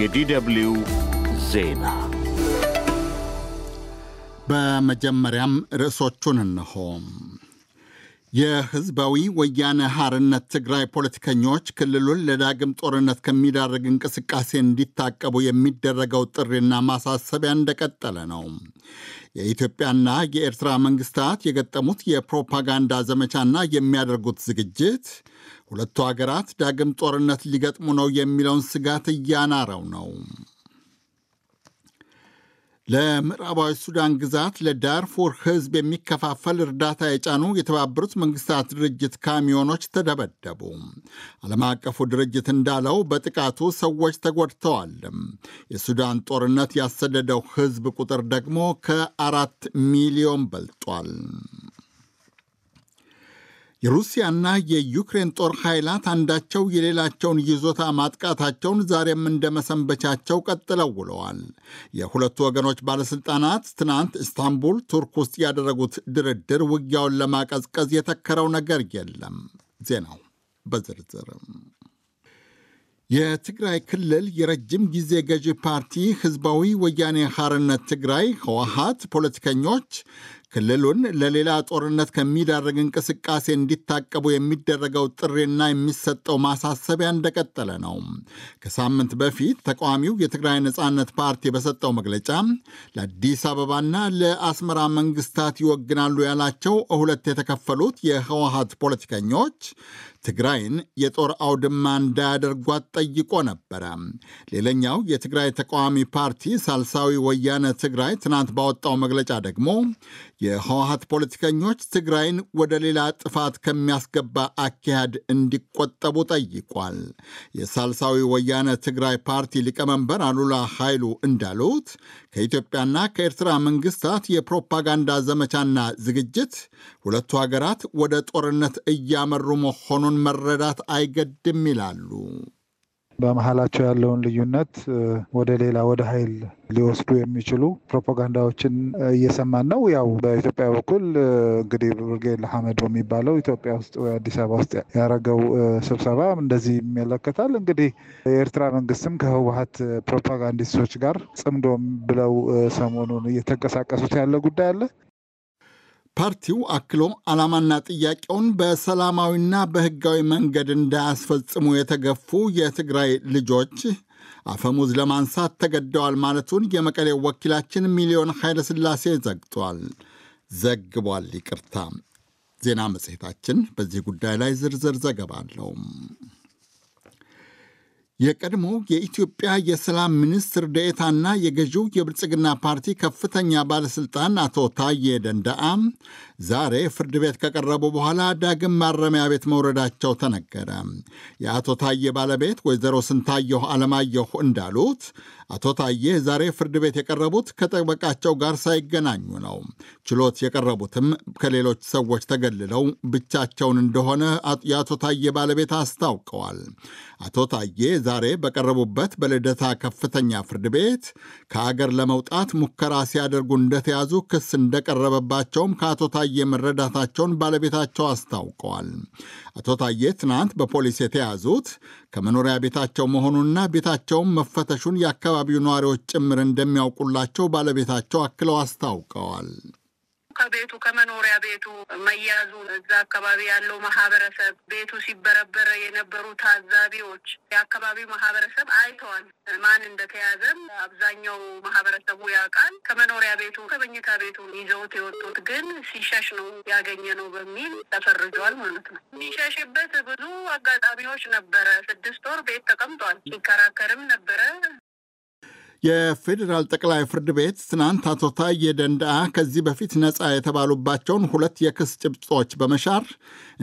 የዲደብልዩ ዜና በመጀመሪያም ርዕሶቹን እንሆ። የህዝባዊ ወያነ ሐርነት ትግራይ ፖለቲከኞች ክልሉን ለዳግም ጦርነት ከሚዳርግ እንቅስቃሴ እንዲታቀቡ የሚደረገው ጥሪና ማሳሰቢያ እንደቀጠለ ነው። የኢትዮጵያና የኤርትራ መንግስታት የገጠሙት የፕሮፓጋንዳ ዘመቻና የሚያደርጉት ዝግጅት ሁለቱ አገራት ዳግም ጦርነት ሊገጥሙ ነው የሚለውን ስጋት እያናረው ነው። ለምዕራባዊ ሱዳን ግዛት ለዳርፉር ሕዝብ የሚከፋፈል እርዳታ የጫኑ የተባበሩት መንግስታት ድርጅት ካሚዮኖች ተደበደቡ። ዓለም አቀፉ ድርጅት እንዳለው በጥቃቱ ሰዎች ተጎድተዋል። የሱዳን ጦርነት ያሰደደው ሕዝብ ቁጥር ደግሞ ከአራት ሚሊዮን በልጧል። የሩሲያና የዩክሬን ጦር ኃይላት አንዳቸው የሌላቸውን ይዞታ ማጥቃታቸውን ዛሬም እንደ መሰንበቻቸው ቀጥለው ውለዋል። የሁለቱ ወገኖች ባለሥልጣናት ትናንት ኢስታንቡል፣ ቱርክ ውስጥ ያደረጉት ድርድር ውጊያውን ለማቀዝቀዝ የተከረው ነገር የለም። ዜናው በዝርዝርም የትግራይ ክልል የረጅም ጊዜ ገዢ ፓርቲ ህዝባዊ ወያኔ ሐርነት ትግራይ ህወሀት ፖለቲከኞች ክልሉን ለሌላ ጦርነት ከሚዳርግ እንቅስቃሴ እንዲታቀቡ የሚደረገው ጥሪና የሚሰጠው ማሳሰቢያ እንደቀጠለ ነው። ከሳምንት በፊት ተቃዋሚው የትግራይ ነጻነት ፓርቲ በሰጠው መግለጫ ለአዲስ አበባና ለአስመራ መንግስታት ይወግናሉ ያላቸው ሁለት የተከፈሉት የህወሀት ፖለቲከኞች ትግራይን የጦር አውድማ እንዳያደርጓት ጠይቆ ነበረ። ሌላኛው የትግራይ ተቃዋሚ ፓርቲ ሳልሳዊ ወያነ ትግራይ ትናንት ባወጣው መግለጫ ደግሞ የህወሀት ፖለቲከኞች ትግራይን ወደ ሌላ ጥፋት ከሚያስገባ አካሄድ እንዲቆጠቡ ጠይቋል። የሳልሳዊ ወያነ ትግራይ ፓርቲ ሊቀመንበር አሉላ ኃይሉ እንዳሉት ከኢትዮጵያና ከኤርትራ መንግስታት የፕሮፓጋንዳ ዘመቻና ዝግጅት ሁለቱ ሀገራት ወደ ጦርነት እያመሩ መሆኑን መረዳት አይገድም ይላሉ። በመሀላቸው ያለውን ልዩነት ወደ ሌላ ወደ ኃይል ሊወስዱ የሚችሉ ፕሮፓጋንዳዎችን እየሰማን ነው። ያው በኢትዮጵያ በኩል እንግዲህ ብርጌድ ለሐመድ የሚባለው ኢትዮጵያ ውስጥ ወይ አዲስ አበባ ውስጥ ያደረገው ስብሰባ እንደዚህ ይመለከታል። እንግዲህ የኤርትራ መንግስትም ከህወሀት ፕሮፓጋንዲስቶች ጋር ጽምዶም ብለው ሰሞኑን እየተንቀሳቀሱት ያለ ጉዳይ አለ። ፓርቲው አክሎ ዓላማና ጥያቄውን በሰላማዊና በሕጋዊ መንገድ እንዳያስፈጽሙ የተገፉ የትግራይ ልጆች አፈሙዝ ለማንሳት ተገደዋል ማለቱን የመቀሌው ወኪላችን ሚሊዮን ኃይለስላሴ ዘግቷል ዘግቧል። ይቅርታ። ዜና መጽሔታችን በዚህ ጉዳይ ላይ ዝርዝር ዘገባ አለው። የቀድሞ የኢትዮጵያ የሰላም ሚኒስትር ደኤታና የገዢው የብልጽግና ፓርቲ ከፍተኛ ባለሥልጣን አቶ ታዬ ደንዳአ ዛሬ ፍርድ ቤት ከቀረቡ በኋላ ዳግም ማረሚያ ቤት መውረዳቸው ተነገረ። የአቶ ታዬ ባለቤት ወይዘሮ ስንታየሁ አለማየሁ እንዳሉት አቶ ታዬ ዛሬ ፍርድ ቤት የቀረቡት ከጠበቃቸው ጋር ሳይገናኙ ነው። ችሎት የቀረቡትም ከሌሎች ሰዎች ተገልለው ብቻቸውን እንደሆነ የአቶ ታዬ ባለቤት አስታውቀዋል። አቶ ታዬ ዛሬ በቀረቡበት በልደታ ከፍተኛ ፍርድ ቤት ከአገር ለመውጣት ሙከራ ሲያደርጉ እንደተያዙ ክስ እንደቀረበባቸውም ከአቶ ታዬ መረዳታቸውን ባለቤታቸው አስታውቀዋል። አቶ ታዬ ትናንት በፖሊስ የተያዙት ከመኖሪያ ቤታቸው መሆኑንና ቤታቸውም መፈተሹን ያከባ የአካባቢው ነዋሪዎች ጭምር እንደሚያውቁላቸው ባለቤታቸው አክለው አስታውቀዋል። ከቤቱ ከመኖሪያ ቤቱ መያዙ እዛ አካባቢ ያለው ማህበረሰብ ቤቱ ሲበረበረ የነበሩ ታዛቢዎች የአካባቢው ማህበረሰብ አይተዋል። ማን እንደተያዘም አብዛኛው ማህበረሰቡ ያውቃል። ከመኖሪያ ቤቱ ከመኝታ ቤቱ ይዘውት የወጡት ግን ሲሸሽ ነው ያገኘ ነው በሚል ተፈርጇል ማለት ነው። የሚሸሽበት ብዙ አጋጣሚዎች ነበረ። ስድስት ወር ቤት ተቀምጧል። ሲከራከርም ነበረ። የፌዴራል ጠቅላይ ፍርድ ቤት ትናንት አቶ ታዬ ደንደአ ከዚህ በፊት ነፃ የተባሉባቸውን ሁለት የክስ ጭብጦች በመሻር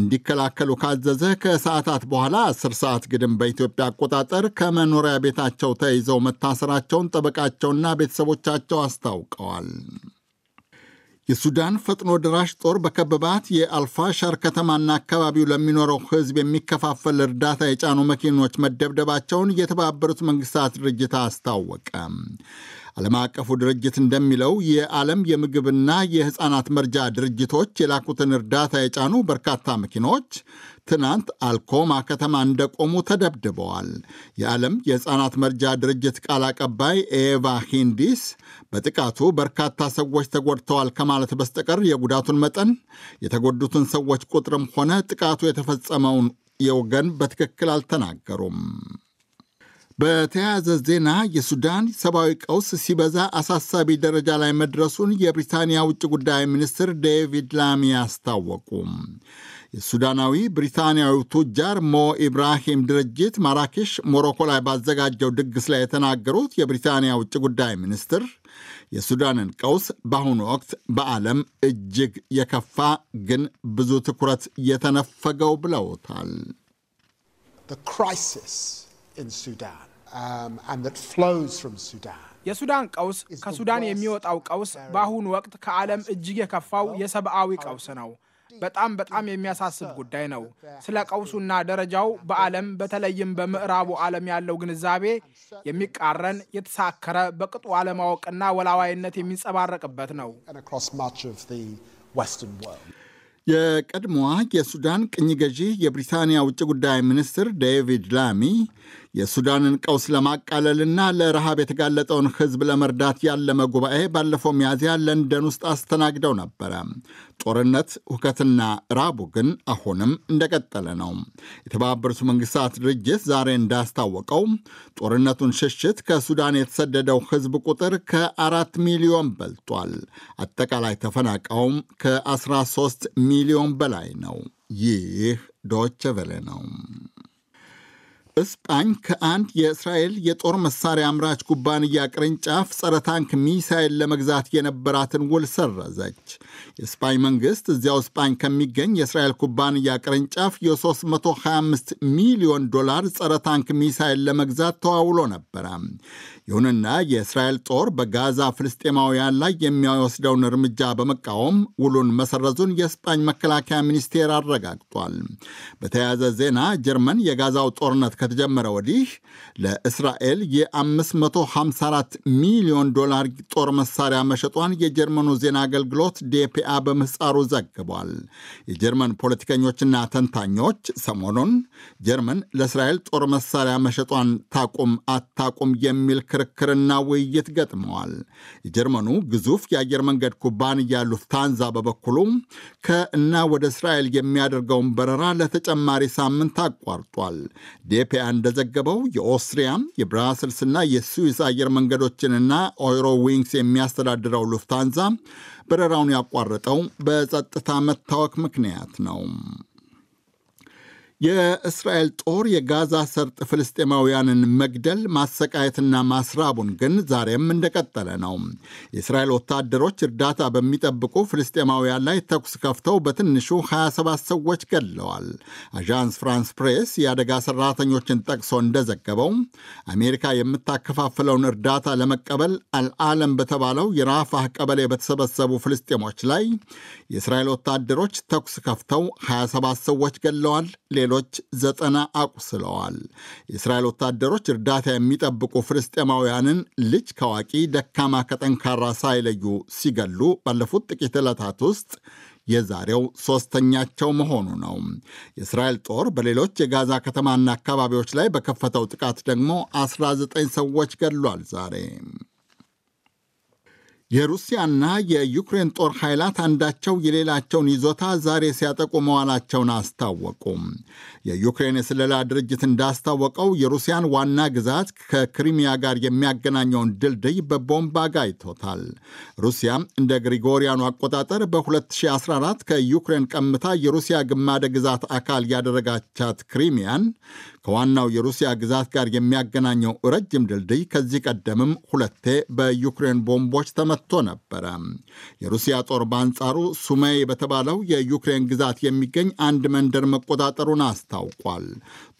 እንዲከላከሉ ካዘዘ ከሰዓታት በኋላ አስር ሰዓት ግድም በኢትዮጵያ አቆጣጠር ከመኖሪያ ቤታቸው ተይዘው መታሰራቸውን ጠበቃቸውና ቤተሰቦቻቸው አስታውቀዋል። የሱዳን ፈጥኖ ድራሽ ጦር በከበባት የአልፋሻር ከተማና አካባቢው ለሚኖረው ሕዝብ የሚከፋፈል እርዳታ የጫኑ መኪኖች መደብደባቸውን የተባበሩት መንግስታት ድርጅት አስታወቀ። ዓለም አቀፉ ድርጅት እንደሚለው የዓለም የምግብና የሕፃናት መርጃ ድርጅቶች የላኩትን እርዳታ የጫኑ በርካታ መኪኖች ትናንት አልኮማ ከተማ እንደቆሙ ተደብድበዋል። የዓለም የሕፃናት መርጃ ድርጅት ቃል አቀባይ ኤቫ ሂንዲስ በጥቃቱ በርካታ ሰዎች ተጎድተዋል ከማለት በስተቀር የጉዳቱን መጠን፣ የተጎዱትን ሰዎች ቁጥርም ሆነ ጥቃቱ የተፈጸመውን የወገን በትክክል አልተናገሩም። በተያያዘ ዜና የሱዳን ሰብአዊ ቀውስ ሲበዛ አሳሳቢ ደረጃ ላይ መድረሱን የብሪታንያ ውጭ ጉዳይ ሚኒስትር ዴቪድ ላሚ አስታወቁ። የሱዳናዊ ብሪታንያዊ ቱጃር ሞ ኢብራሂም ድርጅት ማራኬሽ ሞሮኮ ላይ ባዘጋጀው ድግስ ላይ የተናገሩት የብሪታንያ ውጭ ጉዳይ ሚኒስትር የሱዳንን ቀውስ በአሁኑ ወቅት በዓለም እጅግ የከፋ ግን ብዙ ትኩረት የተነፈገው ብለውታል። The crisis in Sudan. Um, የሱዳን ቀውስ ከሱዳን የሚወጣው ቀውስ በአሁኑ ወቅት ከዓለም እጅግ የከፋው የሰብአዊ ቀውስ ነው። በጣም በጣም የሚያሳስብ ጉዳይ ነው። ስለ ቀውሱና ደረጃው በዓለም በተለይም በምዕራቡ ዓለም ያለው ግንዛቤ የሚቃረን የተሳከረ፣ በቅጡ አለማወቅና ወላዋይነት የሚንጸባረቅበት ነው። የቀድሞዋ የሱዳን ቅኝ ገዢ የብሪታንያ ውጭ ጉዳይ ሚኒስትር ዴቪድ ላሚ የሱዳንን ቀውስ ለማቃለልና ለረሃብ የተጋለጠውን ሕዝብ ለመርዳት ያለመ ጉባኤ ባለፈው ሚያዝያ ለንደን ውስጥ አስተናግደው ነበረ። ጦርነት፣ ሁከትና ራቡ ግን አሁንም እንደቀጠለ ነው። የተባበሩት መንግስታት ድርጅት ዛሬ እንዳስታወቀው ጦርነቱን ሽሽት ከሱዳን የተሰደደው ህዝብ ቁጥር ከአራት ሚሊዮን በልጧል። አጠቃላይ ተፈናቃውም ከ13 ሚሊዮን በላይ ነው። ይህ ዶቸ ነው። እስጳኝ ከአንድ የእስራኤል የጦር መሳሪያ አምራች ኩባንያ ቅርንጫፍ ጸረ ታንክ ሚሳይል ለመግዛት የነበራትን ውል ሰረዘች። የስፓኝ መንግስት እዚያው ስፓኝ ከሚገኝ የእስራኤል ኩባንያ ቅርንጫፍ የ325 ሚሊዮን ዶላር ጸረ ታንክ ሚሳይል ለመግዛት ተዋውሎ ነበረ። ይሁንና የእስራኤል ጦር በጋዛ ፍልስጤማውያን ላይ የሚወስደውን እርምጃ በመቃወም ውሉን መሰረዙን የስፓኝ መከላከያ ሚኒስቴር አረጋግጧል። በተያያዘ ዜና ጀርመን የጋዛው ጦርነት ከተጀመረ ወዲህ ለእስራኤል የ554 ሚሊዮን ዶላር ጦር መሳሪያ መሸጧን የጀርመኑ ዜና አገልግሎት ዴፒአ በምህፃሩ ዘግቧል። የጀርመን ፖለቲከኞችና ተንታኞች ሰሞኑን ጀርመን ለእስራኤል ጦር መሳሪያ መሸጧን ታቁም አታቁም የሚል ክርክርና ውይይት ገጥመዋል። የጀርመኑ ግዙፍ የአየር መንገድ ኩባንያ ሉፍታንዛ በበኩሉ ከእና ወደ እስራኤል የሚያደርገውን በረራ ለተጨማሪ ሳምንት አቋርጧል። ኢትዮጵያ እንደዘገበው የኦስትሪያ የብራስልስና የስዊስ አየር መንገዶችንና ኦይሮ ዊንግስ የሚያስተዳድረው ሉፍታንዛ በረራውን ያቋረጠው በጸጥታ መታወክ ምክንያት ነው። የእስራኤል ጦር የጋዛ ሰርጥ ፍልስጤማውያንን መግደል ማሰቃየትና ማስራቡን ግን ዛሬም እንደቀጠለ ነው። የእስራኤል ወታደሮች እርዳታ በሚጠብቁ ፍልስጤማውያን ላይ ተኩስ ከፍተው በትንሹ 27 ሰዎች ገድለዋል። አዣንስ ፍራንስ ፕሬስ የአደጋ ሰራተኞችን ጠቅሶ እንደዘገበው አሜሪካ የምታከፋፍለውን እርዳታ ለመቀበል አልዓለም በተባለው የራፋህ ቀበሌ በተሰበሰቡ ፍልስጤሞች ላይ የእስራኤል ወታደሮች ተኩስ ከፍተው 27 ሰዎች ገድለዋል። ሌሎች ዘጠና አቁስለዋል። የእስራኤል ወታደሮች እርዳታ የሚጠብቁ ፍልስጤማውያንን ልጅ ከአዋቂ ደካማ ከጠንካራ ሳይለዩ ሲገሉ ባለፉት ጥቂት ዕለታት ውስጥ የዛሬው ሦስተኛቸው መሆኑ ነው። የእስራኤል ጦር በሌሎች የጋዛ ከተማና አካባቢዎች ላይ በከፈተው ጥቃት ደግሞ 19 ሰዎች ገድሏል ዛሬ የሩሲያና የዩክሬን ጦር ኃይላት አንዳቸው የሌላቸውን ይዞታ ዛሬ ሲያጠቁ መዋላቸውን አስታወቁም። የዩክሬን የስለላ ድርጅት እንዳስታወቀው የሩሲያን ዋና ግዛት ከክሪሚያ ጋር የሚያገናኘውን ድልድይ በቦምብ አጋይቶታል። ሩሲያ እንደ ግሪጎሪያኑ አቆጣጠር በ2014 ከዩክሬን ቀምታ የሩሲያ ግማደ ግዛት አካል ያደረጋቻት ክሪሚያን ከዋናው የሩሲያ ግዛት ጋር የሚያገናኘው ረጅም ድልድይ ከዚህ ቀደምም ሁለቴ በዩክሬን ቦምቦች ተመቶ ነበረ። የሩሲያ ጦር በአንጻሩ ሱሜይ በተባለው የዩክሬን ግዛት የሚገኝ አንድ መንደር መቆጣጠሩን አስታውቋል።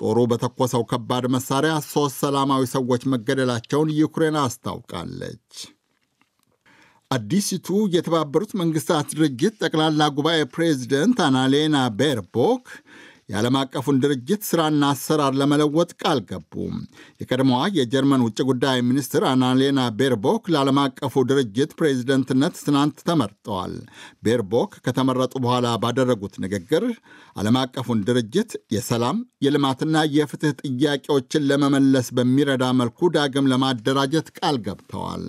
ጦሩ በተኮሰው ከባድ መሳሪያ ሦስት ሰላማዊ ሰዎች መገደላቸውን ዩክሬን አስታውቃለች። አዲሲቱ የተባበሩት መንግስታት ድርጅት ጠቅላላ ጉባኤ ፕሬዚደንት አናሌና ቤርቦክ የዓለም አቀፉን ድርጅት ሥራና አሰራር ለመለወጥ ቃል ገቡ። የቀድሞዋ የጀርመን ውጭ ጉዳይ ሚኒስትር አናሌና ቤርቦክ ለዓለም አቀፉ ድርጅት ፕሬዚደንትነት ትናንት ተመርጠዋል። ቤርቦክ ከተመረጡ በኋላ ባደረጉት ንግግር ዓለም አቀፉን ድርጅት የሰላም የልማትና የፍትህ ጥያቄዎችን ለመመለስ በሚረዳ መልኩ ዳግም ለማደራጀት ቃል ገብተዋል።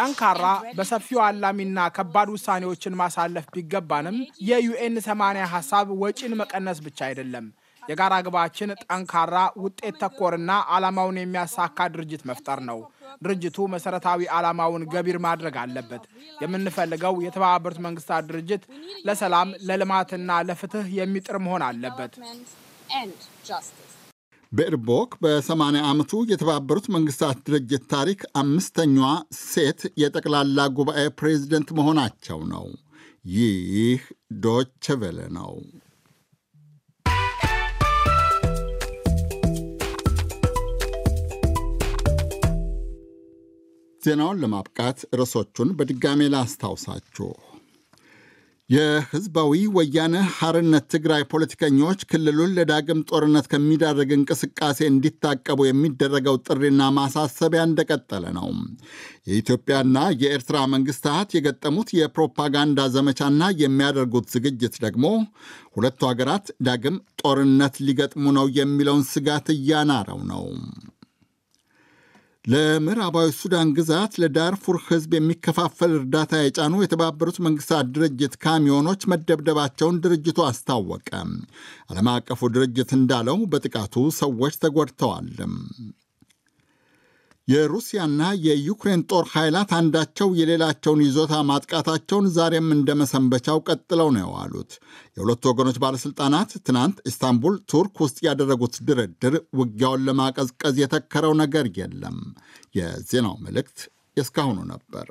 ጠንካራ በሰፊው አላሚና ከባድ ውሳኔዎችን ማሳለፍ ቢገባንም የዩኤን ሰማንያ ሀሳብ ወጪን መቀነስ ብቻ አይደለም። የጋራ ግባችን ጠንካራ ውጤት ተኮርና ዓላማውን የሚያሳካ ድርጅት መፍጠር ነው። ድርጅቱ መሰረታዊ ዓላማውን ገቢር ማድረግ አለበት። የምንፈልገው የተባበሩት መንግስታት ድርጅት ለሰላም ለልማትና ለፍትህ የሚጥር መሆን አለበት። ቤርቦክ በ80 ዓመቱ የተባበሩት መንግስታት ድርጅት ታሪክ አምስተኛዋ ሴት የጠቅላላ ጉባኤ ፕሬዚደንት መሆናቸው ነው። ይህ ዶች ቬለ ነው። ዜናውን ለማብቃት ርዕሶቹን በድጋሜ ላስታውሳችሁ። የህዝባዊ ወያነ ሐርነት ትግራይ ፖለቲከኞች ክልሉን ለዳግም ጦርነት ከሚዳረግ እንቅስቃሴ እንዲታቀቡ የሚደረገው ጥሪና ማሳሰቢያ እንደቀጠለ ነው። የኢትዮጵያና የኤርትራ መንግስታት የገጠሙት የፕሮፓጋንዳ ዘመቻና የሚያደርጉት ዝግጅት ደግሞ ሁለቱ ሀገራት ዳግም ጦርነት ሊገጥሙ ነው የሚለውን ስጋት እያናረው ነው። ለምዕራባዊ ሱዳን ግዛት ለዳርፉር ሕዝብ የሚከፋፈል እርዳታ የጫኑ የተባበሩት መንግስታት ድርጅት ካሚዮኖች መደብደባቸውን ድርጅቱ አስታወቀ። ዓለም አቀፉ ድርጅት እንዳለው በጥቃቱ ሰዎች ተጎድተዋል። የሩሲያና የዩክሬን ጦር ኃይላት አንዳቸው የሌላቸውን ይዞታ ማጥቃታቸውን ዛሬም እንደ መሰንበቻው ቀጥለው ነው የዋሉት። የሁለቱ ወገኖች ባለሥልጣናት ትናንት ኢስታንቡል፣ ቱርክ ውስጥ ያደረጉት ድርድር ውጊያውን ለማቀዝቀዝ የተከረው ነገር የለም። የዜናው መልእክት የእስካሁኑ ነበር።